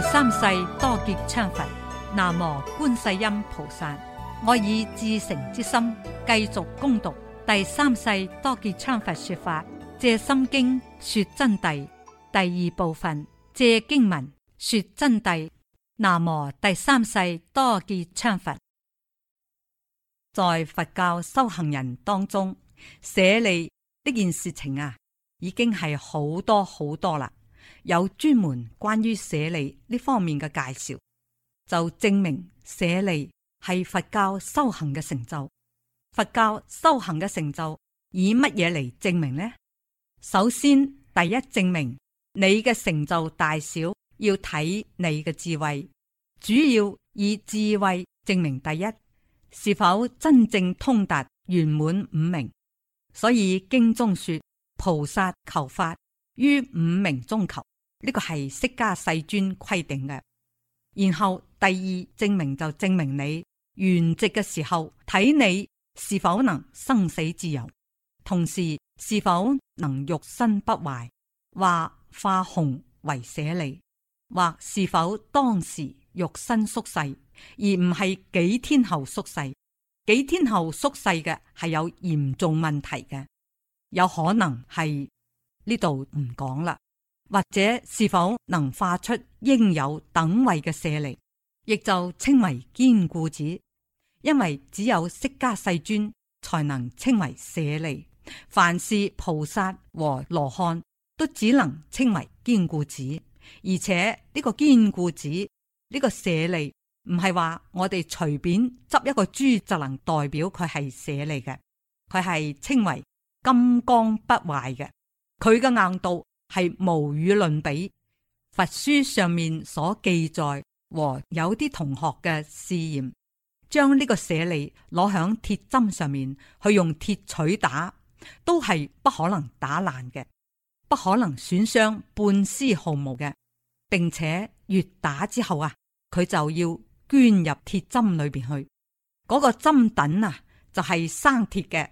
第三世多杰羌佛，南無觀世音菩薩。我以至誠之心繼續攻讀第三世多杰羌佛說法，借心經說真諦第二部分，借經文說真諦。南無第三世多杰羌佛。在佛教修行人當中，舍利呢件事情啊，已經係好多好多啦。有專門關於舍利呢方面嘅介紹，就證明舍利係佛教修行嘅成就。佛教修行嘅成就以乜嘢嚟證明呢？首先，第一證明你嘅成就大小要睇你嘅智慧，主要以智慧證明，第一是否真正通達圓滿五明。所以經中說，菩薩求法。於五名中求，呢個係釋迦世尊規定嘅。然後第二證明就證明你圓寂嘅時候，睇你是否能生死自由，同時是否能肉身不壞，或化虹為舍利，或是否當時肉身縮細，而唔係幾天後縮細。幾天後縮細嘅係有嚴重問題嘅，有可能係。呢度唔講啦，或者是否能化出應有等位嘅舍利，亦就稱為堅固子，因為只有釋迦世尊才能稱為舍利，凡是菩薩和羅漢都只能稱為堅固子，而且呢個堅固子，呢個舍利唔係話我哋隨便執一個珠就能代表佢係舍利嘅，佢係稱為金剛不壞嘅。佢嘅硬度係無與倫比，佛書上面所記載和有啲同學嘅試驗，將呢個舍利攞響鐵針上面去，用鐵錘打，都係不可能打爛嘅，不可能損傷半絲毫毛嘅，並且越打之後啊，佢就要捐入鐵針裏邊去，嗰、那個針頂啊就係、是、生鐵嘅，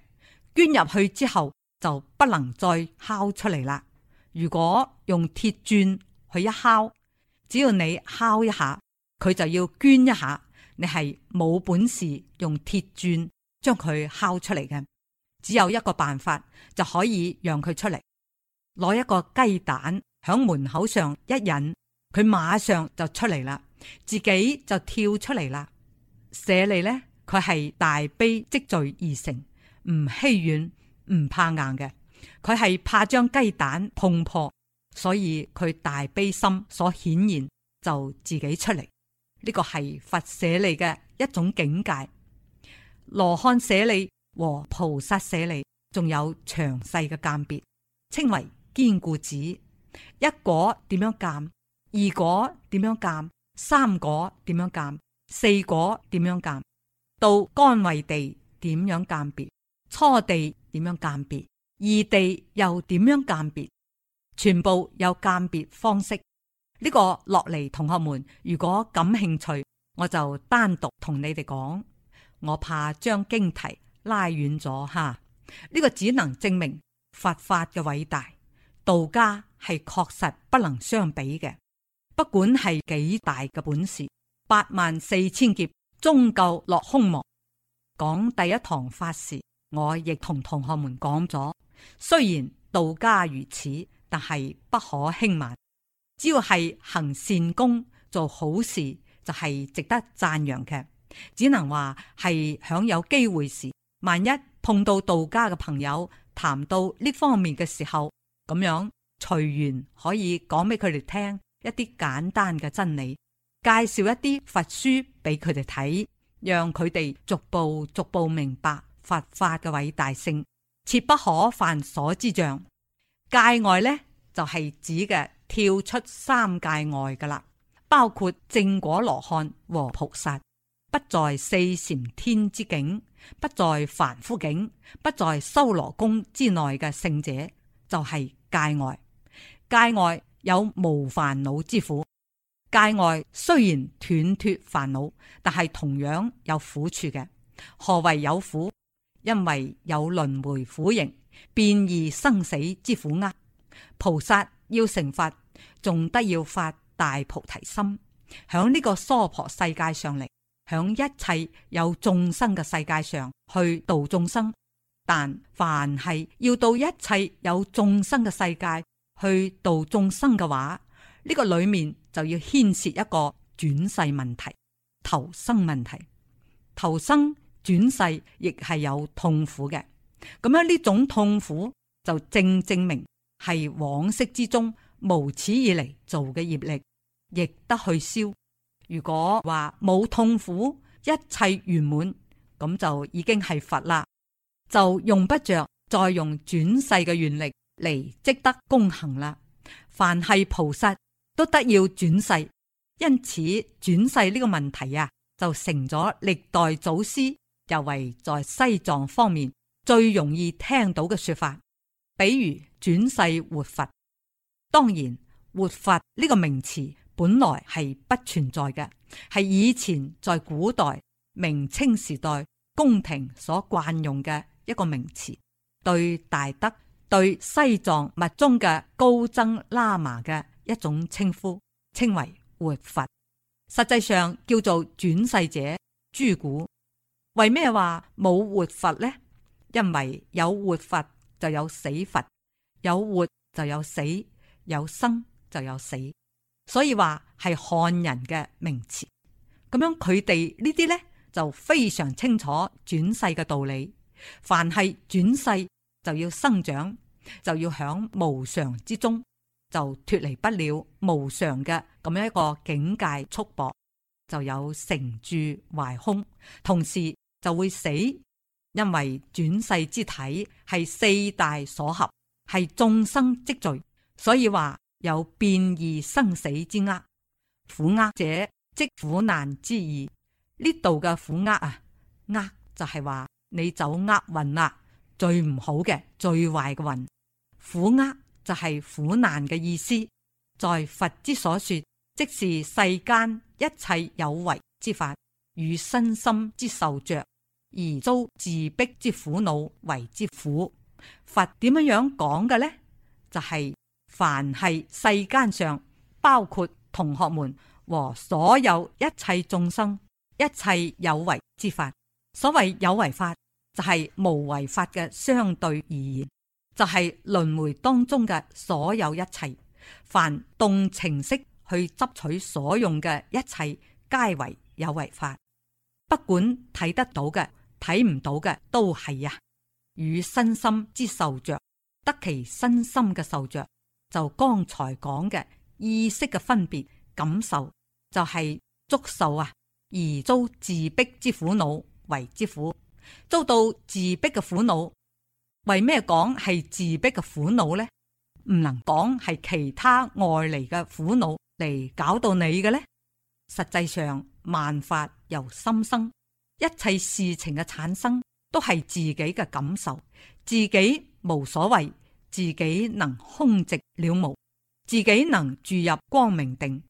捐入去之後。就不能再敲出嚟啦。如果用鐵鑽去一敲，只要你敲一下，佢就要捐一下。你係冇本事用鐵鑽將佢敲出嚟嘅，只有一個辦法就可以讓佢出嚟。攞一個雞蛋響門口上一引，佢馬上就出嚟啦，自己就跳出嚟啦。舍利呢，佢係大悲積聚而成，唔欺遠。唔怕硬嘅，佢係怕將雞蛋碰破，所以佢大悲心所顯現就自己出嚟。呢個係佛舍利嘅一種境界，羅漢舍利和菩薩舍利仲有詳細嘅鑒別，稱為堅固子。一果點樣鑒？二果點樣鑒？三果點樣鑒？四果點樣鑒？到乾慧地點樣鑒別？初地？點樣鑒別異地又點樣鑒別？全部有鑒別方式。呢個落嚟，同學們如果感興趣，我就單獨同你哋講。我怕將經題拉遠咗哈。呢個只能證明佛法嘅偉大，道家係確實不能相比嘅。不管係幾大嘅本事，八萬四千劫終究落空亡。講第一堂法事。我亦同同學們講咗，雖然道家如此，但係不可輕慢。只要係行善功、做好事，就係值得讚揚嘅。只能話係享有機會時，萬一碰到道家嘅朋友，談到呢方面嘅時候，咁樣隨緣可以講俾佢哋聽一啲簡單嘅真理，介紹一啲佛書俾佢哋睇，讓佢哋逐步逐步明白。佛法嘅偉大性，切不可犯所知障。界外呢，就係、是、指嘅跳出三界外噶啦，包括正果羅漢和菩薩，不在四禪天之境，不在凡夫境，不在修羅宮之內嘅聖者，就係、是、界外。界外有無煩惱之苦，界外雖然斷脫煩惱，但係同樣有苦處嘅。何謂有苦？因為有輪迴苦刑，變異生死之苦厄，菩薩要成佛，仲得要發大菩提心，響呢個娑婆世界上嚟，響一切有眾生嘅世界上去度眾生。但凡係要到一切有眾生嘅世界去度眾生嘅話，呢個裏面就要牽涉一個轉世問題、投生問題、投生。轉世亦係有痛苦嘅，咁樣呢種痛苦就正證明係往昔之中無始以嚟做嘅業力，亦得去消。如果話冇痛苦，一切圓滿，咁就已經係佛啦，就用不着再用轉世嘅願力嚟積德功行啦。凡係菩薩都得要轉世，因此轉世呢個問題啊，就成咗歷代祖師。又為在西藏方面最容易聽到嘅說法，比如轉世活佛。當然，活佛呢個名詞本來係不存在嘅，係以前在古代明清時代宮廷所慣用嘅一個名詞，對大德、對西藏密宗嘅高僧喇嘛嘅一種稱呼，稱為活佛。實際上叫做轉世者、朱古。為咩話冇活佛呢？因為有活佛就有死佛，有活就有死，有生就有死，所以話係漢人嘅名詞咁樣。佢哋呢啲呢，就非常清楚轉世嘅道理。凡係轉世就要生長，就要響無常之中就脫離不了無常嘅咁樣一個境界束縛，就有成住壞空，同時。就會死，因為轉世之體係四大所合，係眾生積聚，所以話有變異生死之厄。苦厄者即苦難之意。呢度嘅苦厄啊，厄就係話你走厄運啦，最唔好嘅、最壞嘅運。苦厄就係苦難嘅意思，在佛之所說，即是世間一切有為之法。與身心之受着，而遭自逼之苦惱為之苦，佛點樣樣講嘅呢？就係、是、凡係世間上，包括同學們和所有一切眾生，一切有為之法。所謂有為法，就係、是、無為法嘅相對而言，就係、是、輪回當中嘅所有一切，凡動情識去執取所用嘅一切，皆為有為法。不管睇得到嘅、睇唔到嘅，都係呀。與身心之受着，得其身心嘅受着，就剛才講嘅意識嘅分別感受，就係、是、足受啊，而遭自逼之苦惱為之苦，遭到自逼嘅苦惱。為咩講係自逼嘅苦惱呢？唔能講係其他外嚟嘅苦惱嚟搞到你嘅呢？實際上。萬法由心生，一切事情嘅產生都係自己嘅感受，自己無所謂，自己能空寂了無，自己能注入光明定，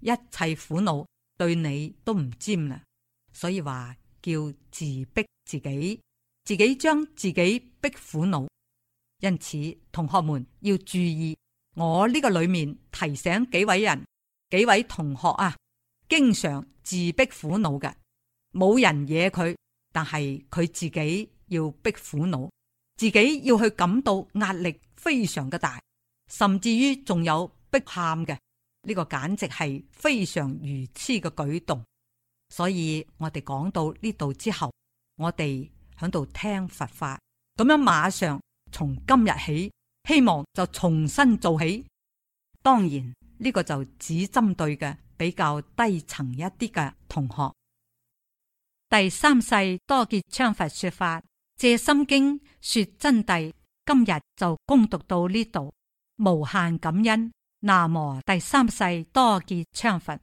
一切苦惱對你都唔尖啦。所以話叫自逼自己，自己將自己逼苦惱。因此，同學們要注意，我呢個裏面提醒幾位人、幾位同學啊。經常自逼苦惱嘅，冇人惹佢，但係佢自己要逼苦惱，自己要去感到壓力非常嘅大，甚至於仲有逼喊嘅，呢個簡直係非常愚痴嘅舉動。所以我哋講到呢度之後，我哋喺度聽佛法，咁樣馬上從今日起，希望就重新做起。當然呢個就只針對嘅。比較低層一啲嘅同學，第三世多杰羌佛說法，借心經說真諦。今日就恭讀到呢度，無限感恩。南無第三世多杰羌佛。